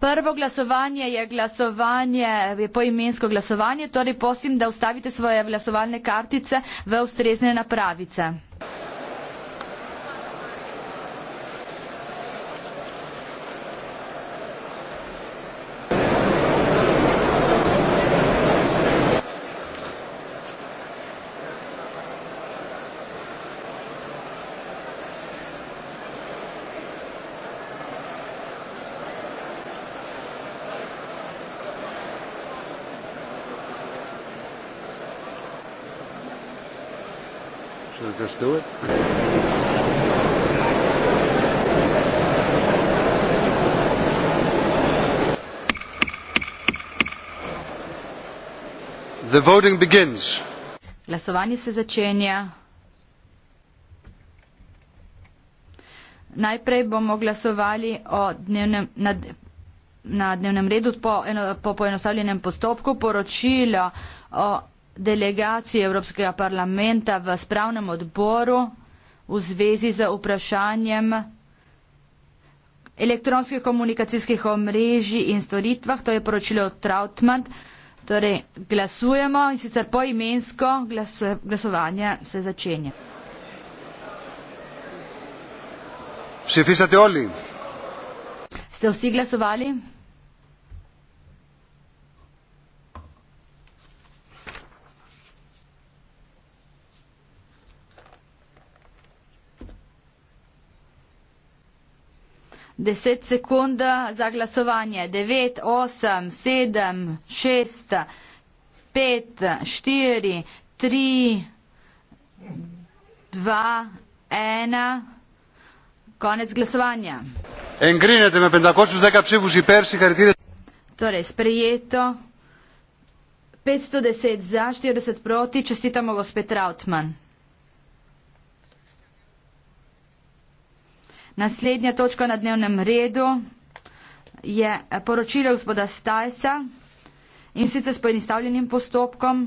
Prvo glasovanje je glasovanje, je poimensko glasovanje, torej prosim, da vstavite svoje glasovalne kartice v ustrezne napravice. should I just do it? The voting begins. Glasovanje se začenja. Najprej bomo glasovali o dnevnem, na, na dnevnem redu po, eno, po poenostavljenem postopku poročilo o delegaciji Evropskega parlamenta v spravnem odboru v zvezi z vprašanjem elektronskih komunikacijskih omrežij in storitvah, to je poročilo Trautmann. Torej, glasujemo in sicer poimensko glasu, glasovanje se začenja. Ste vsi glasovali? 10 sekund za glasovanje. 9, 8, 7, 6, 5, 4, 3, 2, 1. Konec glasovanja. Engrinete me, da hočem zdaj, kaj če boži perši, kar ti reče. Torej, sprejeto. 510 za, 40 proti. Čestitamo gospod Trautmann. Naslednja točka na dnevnem redu je eh, poročilo gospoda Stajsa in sicer s poenostavljenim postopkom.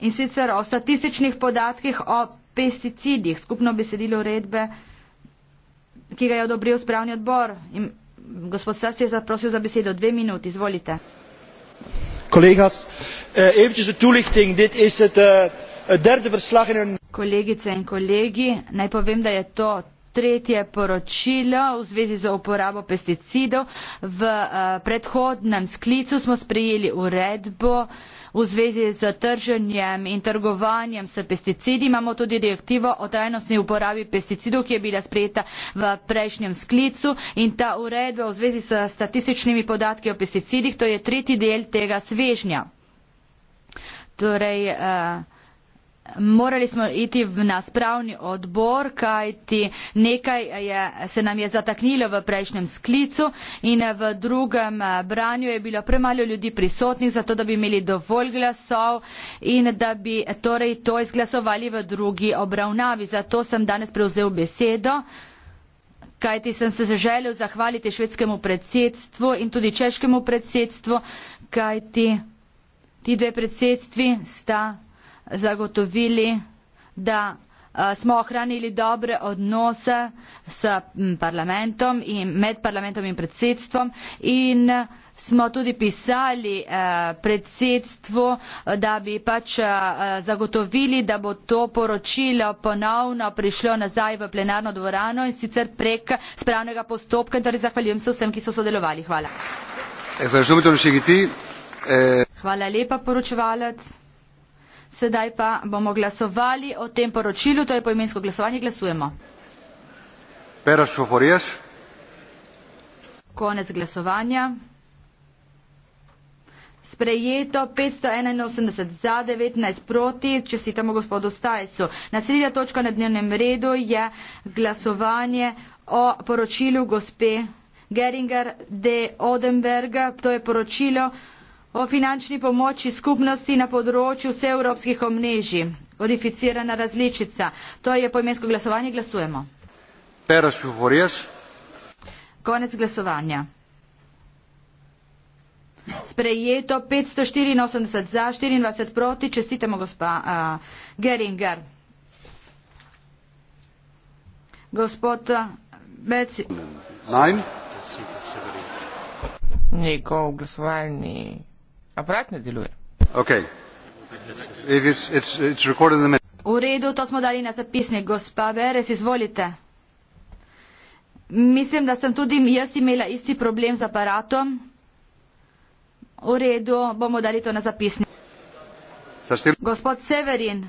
In sicer o statističnih podatkih o pesticidih, skupno besedilo uredbe, ki ga je odobril spravni odbor. In gospod Stajs je zaprosil za besedo dve minuti, izvolite. Collega's, uh, eh, eventjes een toelichting. Dit is het uh, derde verslag in een kolegice in kolegi, naj povem, da je to tretje poročilo v zvezi z uporabo pesticidov. V uh, predhodnem sklicu smo sprejeli uredbo v zvezi z trženjem in trgovanjem s pesticidi. Imamo tudi direktivo o trajnostni uporabi pesticidov, ki je bila sprejeta v prejšnjem sklicu in ta uredba v zvezi s statističnimi podatki o pesticidih, to je tretji del tega svežnja. Torej, uh, Morali smo iti na spravni odbor, kajti nekaj je, se nam je zataknilo v prejšnjem sklicu in v drugem eh, branju je bilo premalo ljudi prisotnih, zato da bi imeli dovolj glasov in da bi torej to izglasovali v drugi obravnavi. Zato sem danes prevzel besedo kajti sem se želel zahvaliti švedskemu predsedstvu in tudi češkemu predsedstvu, kajti ti dve predsedstvi sta zagotovili, da smo ohranili dobre odnose s parlamentom in med parlamentom in predsedstvom in smo tudi pisali predsedstvu, da bi pač zagotovili, da bo to poročilo ponovno prišlo nazaj v plenarno dvorano in sicer prek spravnega postopka in torej zahvaljujem se vsem, ki so sodelovali. Hvala. Hvala lepa poročevalec. Sedaj pa bomo glasovali o tem poročilu, to je poimensko glasovanje, glasujemo. Peres Šoforijes. Konec glasovanja. Sprejeto 581 za, 19 proti, čestitamo gospodu Stajsu. Naslednja točka na dnevnem redu je glasovanje o poročilu gospe Geringer de Odenberg. To je poročilo o finančni pomoči skupnosti na področju vseevropskih omnežij. Kodificirana različica. To je poimensko glasovanje. Glasujemo. Konec glasovanja. Sprejeto 584 za, 24 proti. Čestitamo gospa uh, Geringer. Gospod Beci. Nein. Njegov glasovalni aparat ne deluje. Okay. If it's, it's, it's recorded in the v redu, to smo dali na zapisnik. Gospa Beres, izvolite. Mislim, da sem tudi jaz imela isti problem z aparatom. V redu, bomo dali to na zapisnik. Sastim. Gospod Severin.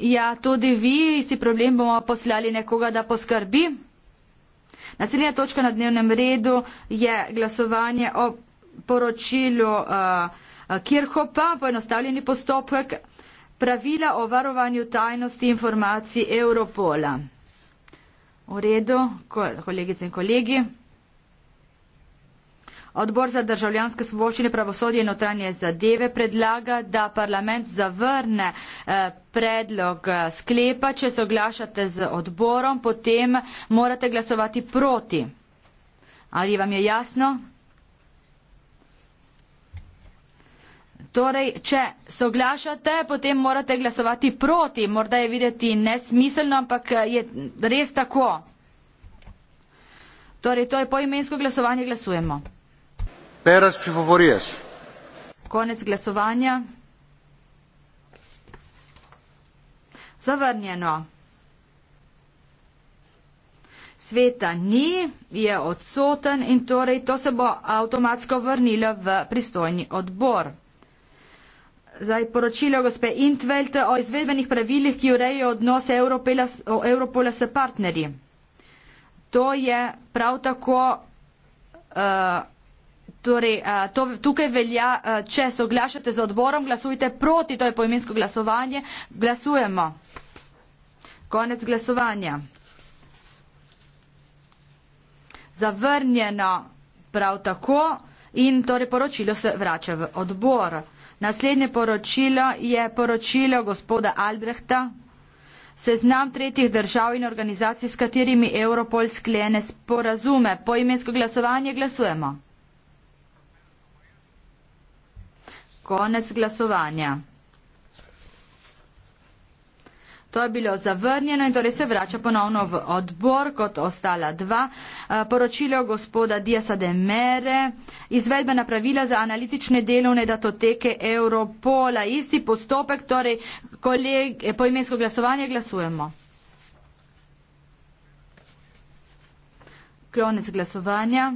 Ja, tudi vi, isti problem bomo poslali nekoga, da poskrbi. Naslednja točka na dnevnem redu je glasovanje o poročilu uh, eh, eh, Kirhopa, poenostavljeni postopek pravila o varovanju tajnosti informacij Europola. V redu, kolegice in kolegi. Odbor za državljanske svoboščine, pravosodje in notranje zadeve predlaga, da parlament zavrne eh, predlog eh, sklepa. Če se oglašate z odborom, potem morate glasovati proti. Ali vam je jasno? Torej, če se oglašate, potem morate glasovati proti. Morda je videti nesmiselno, ampak eh, je res tako. Torej, to je poimensko glasovanje, glasujemo. Πέρας ψηφοφορίας. Κόνετς γλασοβάνια. Zavrnjeno. Sveta ni, je odsoten in torej to se bo avtomatsko vrnilo v pristojni odbor. Zdaj poročilo gospe Intveld o izvedbenih pravilih, ki urejo odnose Evropola s partnerji. To je prav tako. Uh, Torej, to, tukaj velja, če se oglašate z odborom, glasujte proti, to je poimensko glasovanje. Glasujemo. Konec glasovanja. Zavrnjeno prav tako in torej poročilo se vrača v odbor. Naslednje poročilo je poročilo gospoda Albrehta. Seznam tretjih držav in organizacij, s katerimi Europol sklene sporazume. Po imensko glasovanje glasujemo. Konec glasovanja. To je bilo zavrnjeno in torej se vrača ponovno v odbor kot ostala dva. Eh, poročilo gospoda Diasa de Mere, izvedbena pravila za analitične delovne datoteke Europola. Isti postopek, torej koleg, eh, poimensko glasovanje glasujemo. Klonec glasovanja.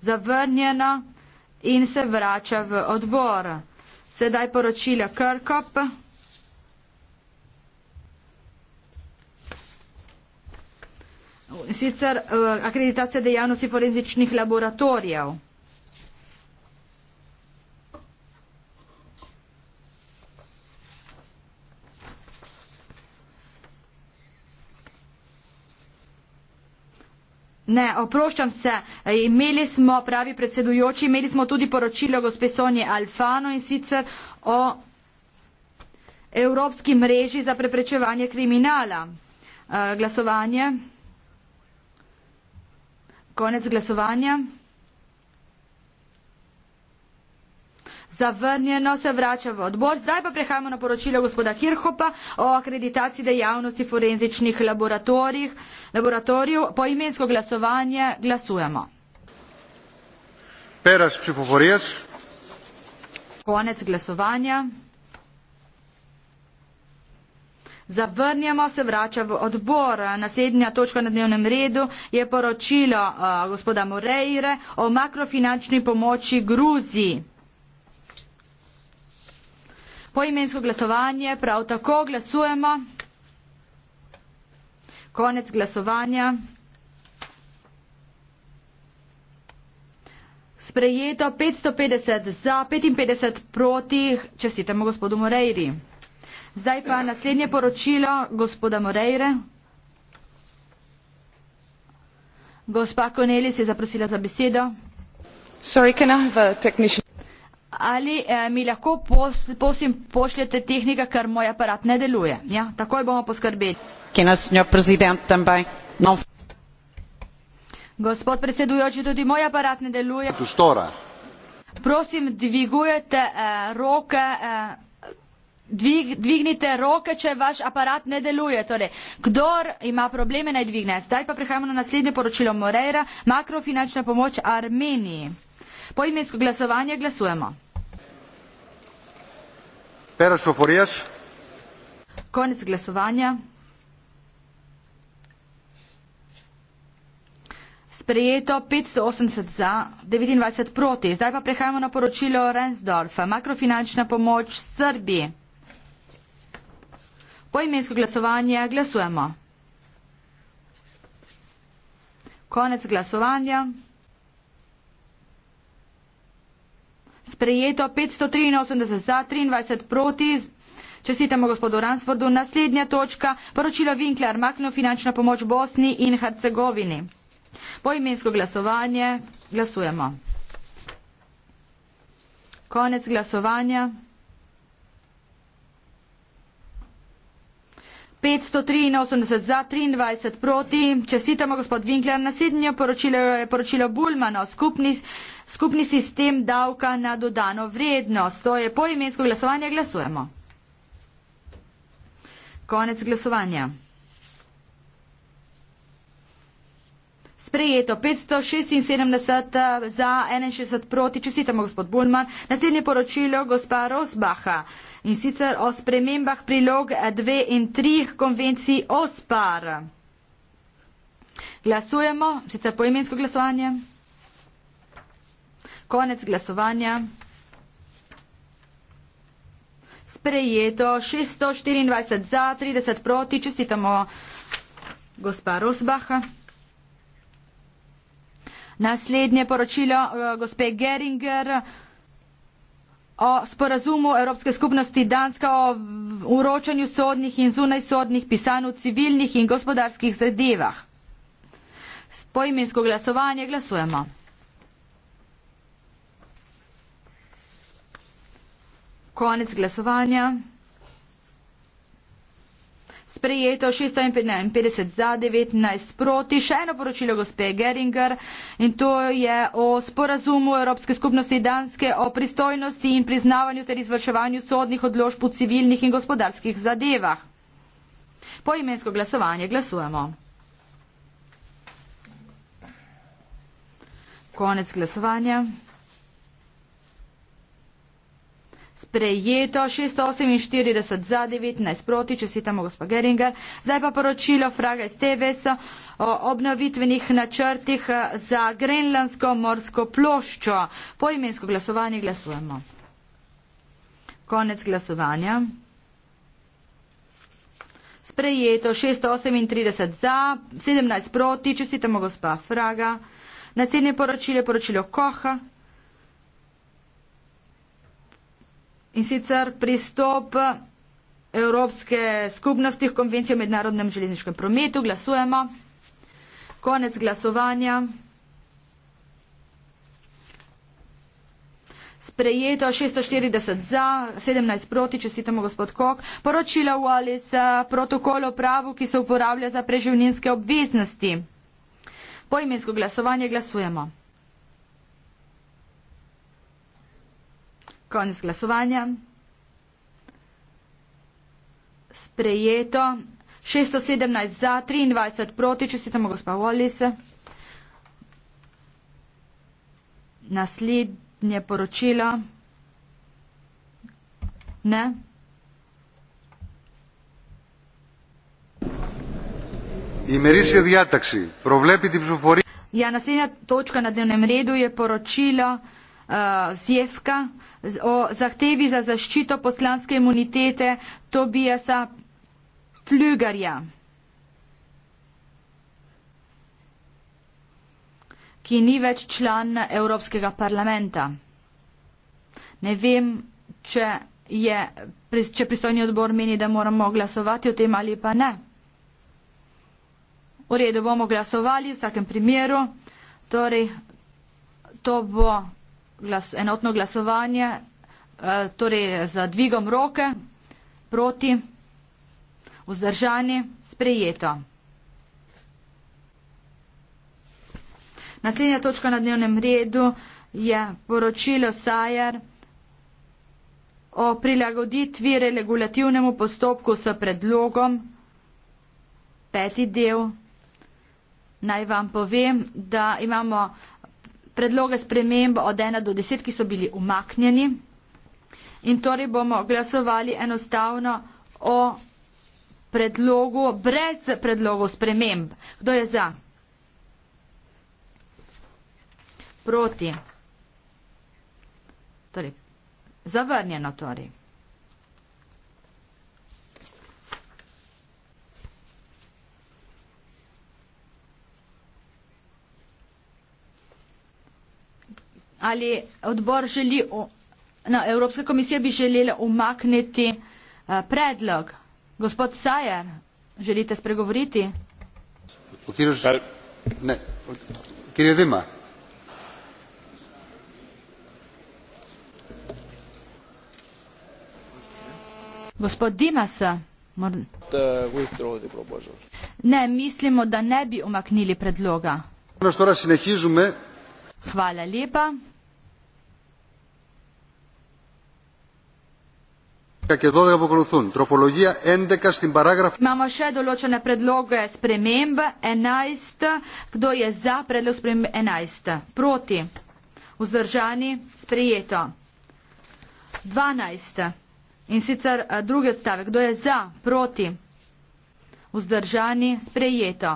Zavrnjeno in se vrača v odbor. Sedaj poročila Krkop. Sicer uh, akreditacija dejavnosti forenzičnih laboratorijev. Ne, oproščam se. Imeli smo, pravi predsedujoči, imeli smo tudi poročilo gospe Sonje Alfano in sicer o Evropski mreži za preprečevanje kriminala. Eh, glasovanje. Konec glasovanja. zavrnjeno, se vrača v odbor. Zdaj pa prehajamo na poročilo gospoda Kirhopa o akreditaciji dejavnosti forenzičnih laboratorijev. Po imensko glasovanje glasujemo. Peres, psihoforijas. Konec glasovanja. Zavrnjamo, se vrača v odbor. Naslednja točka na dnevnem redu je poročilo uh, gospoda Moreire o makrofinančni pomoči Gruziji. Poimensko glasovanje, prav tako glasujemo. Konec glasovanja. Sprejeto 550 za, 55 proti, čestitamo gospodu Morejri. Zdaj pa naslednje poročilo gospoda Morejre. Gospa Konelis je zaprosila za besedo. Sorry, can I have a technician? ali eh, mi lahko pos, posim pošljete tehnika, ker moj aparat ne deluje. Ja, takoj bomo poskrbeli. No. Gospod predsedujoči, tudi moj aparat ne deluje. Prosim, dvigujete eh, roke. Eh, Dvig, dvignite roke, če vaš aparat ne deluje. Torej, kdor ima probleme, naj dvigne. Zdaj pa prehajamo na naslednje poročilo Moreira, makrofinančna pomoč Armeniji. Po imensko glasovanje glasujemo. Konec glasovanja. Sprejeto 580 za, 29 proti. Zdaj pa prehajamo na poročilo Rensdorfa. Makrofinančna pomoč Srbiji. Po imensko glasovanje glasujemo. Konec glasovanja. sprejeto 583 za 23 proti. Čestitamo gospodu Ransfordu. Naslednja točka, poročilo Vinkler Makno, finančna pomoč Bosni in Hercegovini. Po imensko glasovanje glasujemo. Konec glasovanja. 583 za, 23 proti. Čestitamo gospod Winkler. Naslednje poročilo je poročilo Bulmano. Skupni, skupni sistem davka na dodano vrednost. To je po imensko glasovanje. Glasujemo. Konec glasovanja. sprejeto 576 eh, za 61 proti. Čestitamo gospod Bulman. Naslednje poročilo gospa Rosbaha in sicer o spremembah prilog 2 eh, in 3 konvencij OSPAR. Glasujemo, sicer poimensko glasovanje. Konec glasovanja. Sprejeto 624 za 30 proti. Čestitamo gospa Rosbaha. Naslednje poročilo eh, gospe Geringer o sporazumu Evropske skupnosti Danska o uročanju sodnih in zunajsodnih pisanj v civilnih in gospodarskih zadevah. Poimensko glasovanje glasujemo. Konec glasovanja sprejeto 651 za 19 proti. Še eno poročilo gospe Geringer in to je o sporazumu Evropske skupnosti Danske o pristojnosti in priznavanju ter izvrševanju sodnih odložb v civilnih in gospodarskih zadevah. Po imensko glasovanje glasujemo. Konec glasovanja. sprejeto, 648 za 19 proti, če sitamo gospa Geringer. Zdaj pa poročilo Fraga iz TVS o obnovitvenih načrtih za Grenlandsko morsko ploščo. Po imensko glasovanje glasujemo. Konec glasovanja. Sprejeto, 638 za, 17 proti, če sitamo gospa Fraga. Naslednje poročilo je poročilo Koha. in sicer pristop Evropske skupnosti v konvenciji o mednarodnem železniškem prometu. Glasujemo. Konec glasovanja. Sprejeto 640 za, 17 proti, če si tamo gospod Kok. Poročilo Wallis, eh, protokol o pravu, ki se uporablja za preživninske obveznosti. Po imensko glasovanje glasujemo. Konec glasovanja. Sprejeto. 617 za, 23 proti, če se tamo gospa Wallis. Naslednje poročilo. Ne. Imerišja diataksi, provlepiti psufori. Ja, naslednja točka na dnevnem redu je poročilo uh, eh, Zjefka o zahtevi za zaščito poslanske imunitete Tobijasa Flügarja, ki ni več član Evropskega parlamenta. Ne vem, če, je, če pristojni odbor meni, da moramo glasovati o tem ali pa ne. V redu bomo glasovali v vsakem primeru. Torej, to bo glas, enotno glasovanje, eh, torej z dvigom roke, proti, vzdržani, sprejeto. Naslednja točka na dnevnem redu je poročilo Sajer o prilagoditvi regulativnemu postopku s predlogom peti del. Naj vam povem, da imamo predloge sprememb od 1 do 10, ki so bili umaknjeni. In torej bomo glasovali enostavno o predlogu brez predlogov sprememb. Kdo je za? Proti. Torej, zavrnjeno torej. ali odbor želi, no, Evropska komisija bi želela umakniti eh, predlog. Gospod Sajer, želite spregovoriti? Kjer je dima? Gospod Dimas, ne, mislimo, da ne bi umaknili predloga. Ono što raz si ne hižu me, Hvala lepa. Imamo še določene predloge sprememb. 11. Kdo je za predlog sprememb 11? Proti. Vzdržani. Sprejeto. 12. In sicer eh, drugi odstavek. Kdo je za? Proti. Vzdržani. Sprejeto.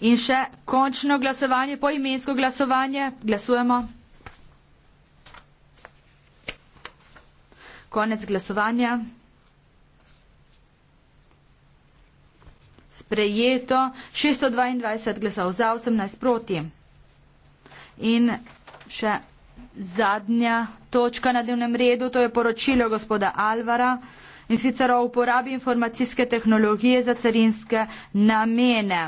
In še končno glasovanje, poimensko glasovanje, glasujemo. Konec glasovanja. Sprejeto 622 glasov za 18 proti. In še zadnja točka na dnevnem redu, to je poročilo gospoda Alvara in sicer o uporabi informacijske tehnologije za carinske namene.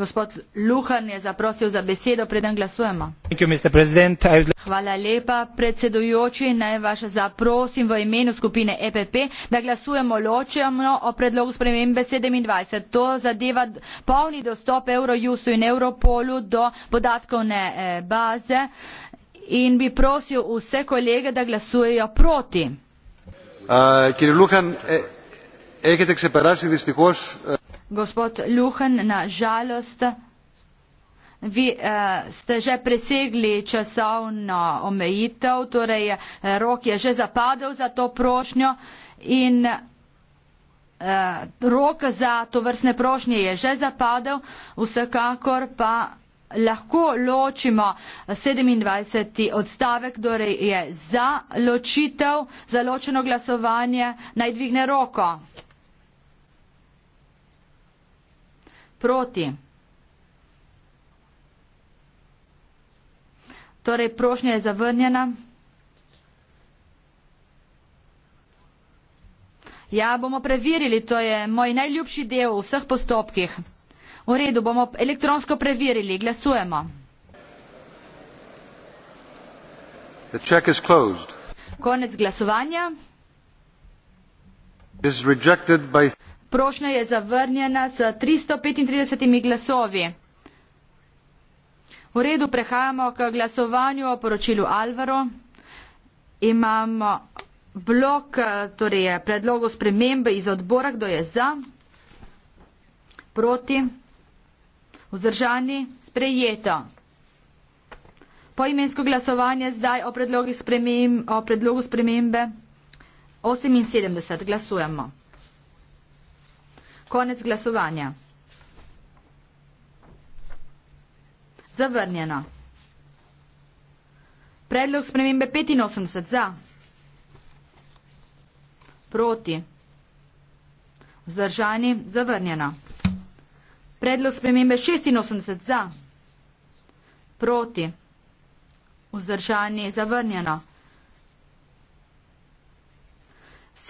Gospod Luhan je zaprosil za besedo, preden glasujemo. Hvala lepa, predsedujoči. Naj vas zaprosim v imenu skupine EPP, da glasujemo ločeno o predlogu spremembe 27. To zadeva polni dostop Eurojustu in Europolu do podatkovne eh, baze in bi prosil vse kolege, da glasujejo proti. Uh, Kjer Luhan, e, eh, ekete se parasi, distihoš. Uh gospod Luhen, na žalost. Vi uh, ste že presegli časovno omejitev, torej eh, rok je že zapadel za to prošnjo in uh, rok za to vrstne prošnje je že zapadel, vsekakor pa lahko ločimo 27. odstavek, torej je za ločitev, za ločeno glasovanje, naj dvigne roko. proti. Torej, prošnja je zavrnjena. Ja, bomo preverili, to je moj najljubši del v vseh postopkih. V redu, bomo elektronsko preverili, glasujemo. Konec glasovanja. Prošnja je zavrnjena s 335 glasovi. V redu prehajamo k glasovanju o poročilu Alvaro. Imamo blok, eh, torej je predlogo spremembe iz odbora, kdo je za, proti, vzdržani, sprejeto. Poimensko glasovanje zdaj o predlogu spremembe 78 glasujemo. Konec glasovanja. Zavrnjeno. Predlog spremembe 85 za. Proti. Vzdržani. Zavrnjeno. Predlog spremembe 86 za. Proti. Vzdržani. Zavrnjeno.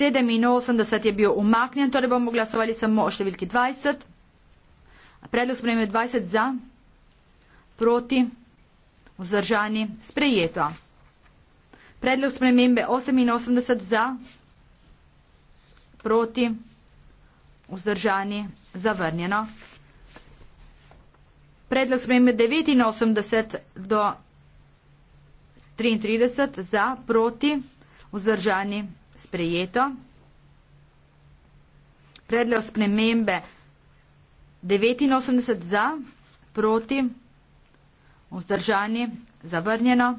87 je bil umaknjen, torej bomo glasovali samo o številki 20. Predlog sprejme 20 za, proti, vzdržani, sprejeto. Predlog spremembe 88 za, proti, vzdržani, zavrnjeno. Predlog spremembe 89 do 33 za, proti, vzdržani, zavrnjeno sprejeto. Predlog spremembe 89 za, proti, vzdržani, zavrnjeno.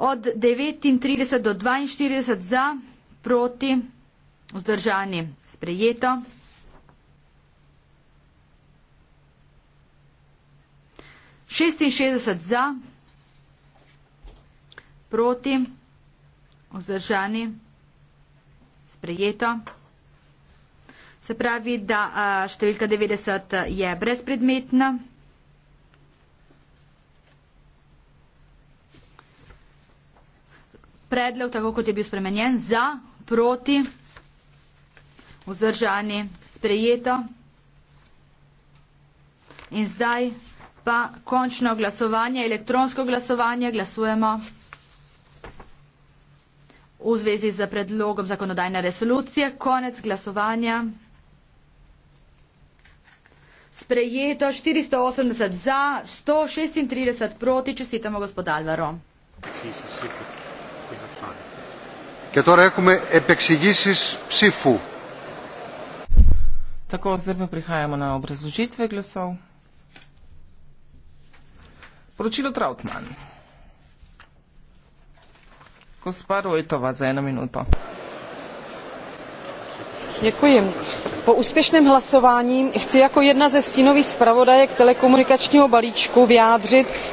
Od 39 do 42 za, proti, vzdržani, sprejeto. 66 za, proti, vzdržani proti, vzdržani, sprejeto. Se pravi, da številka 90 je brezpredmetna. Predlog, tako kot je bil spremenjen, za, proti, vzdržani, sprejeto. In zdaj pa končno glasovanje, elektronsko glasovanje, glasujemo vzdržani v zvezi z predlogom zakonodajne resolucije. Konec glasovanja. Sprejeto 480 za, 136 proti. Čestitamo gospod Alvaro. Και τώρα έχουμε επεξηγήσει ψήφου. Τακό, δεν με πριχάμε να ομπρεζουζήτε, γλωσσό. Προτσίλο Τραουτμάνι. Gospa Rojtova za eno minuto. Děkuji. Po úspěšném hlasování chci jako jedna ze stínových zpravodajek telekomunikačního balíčku vyjádřit, že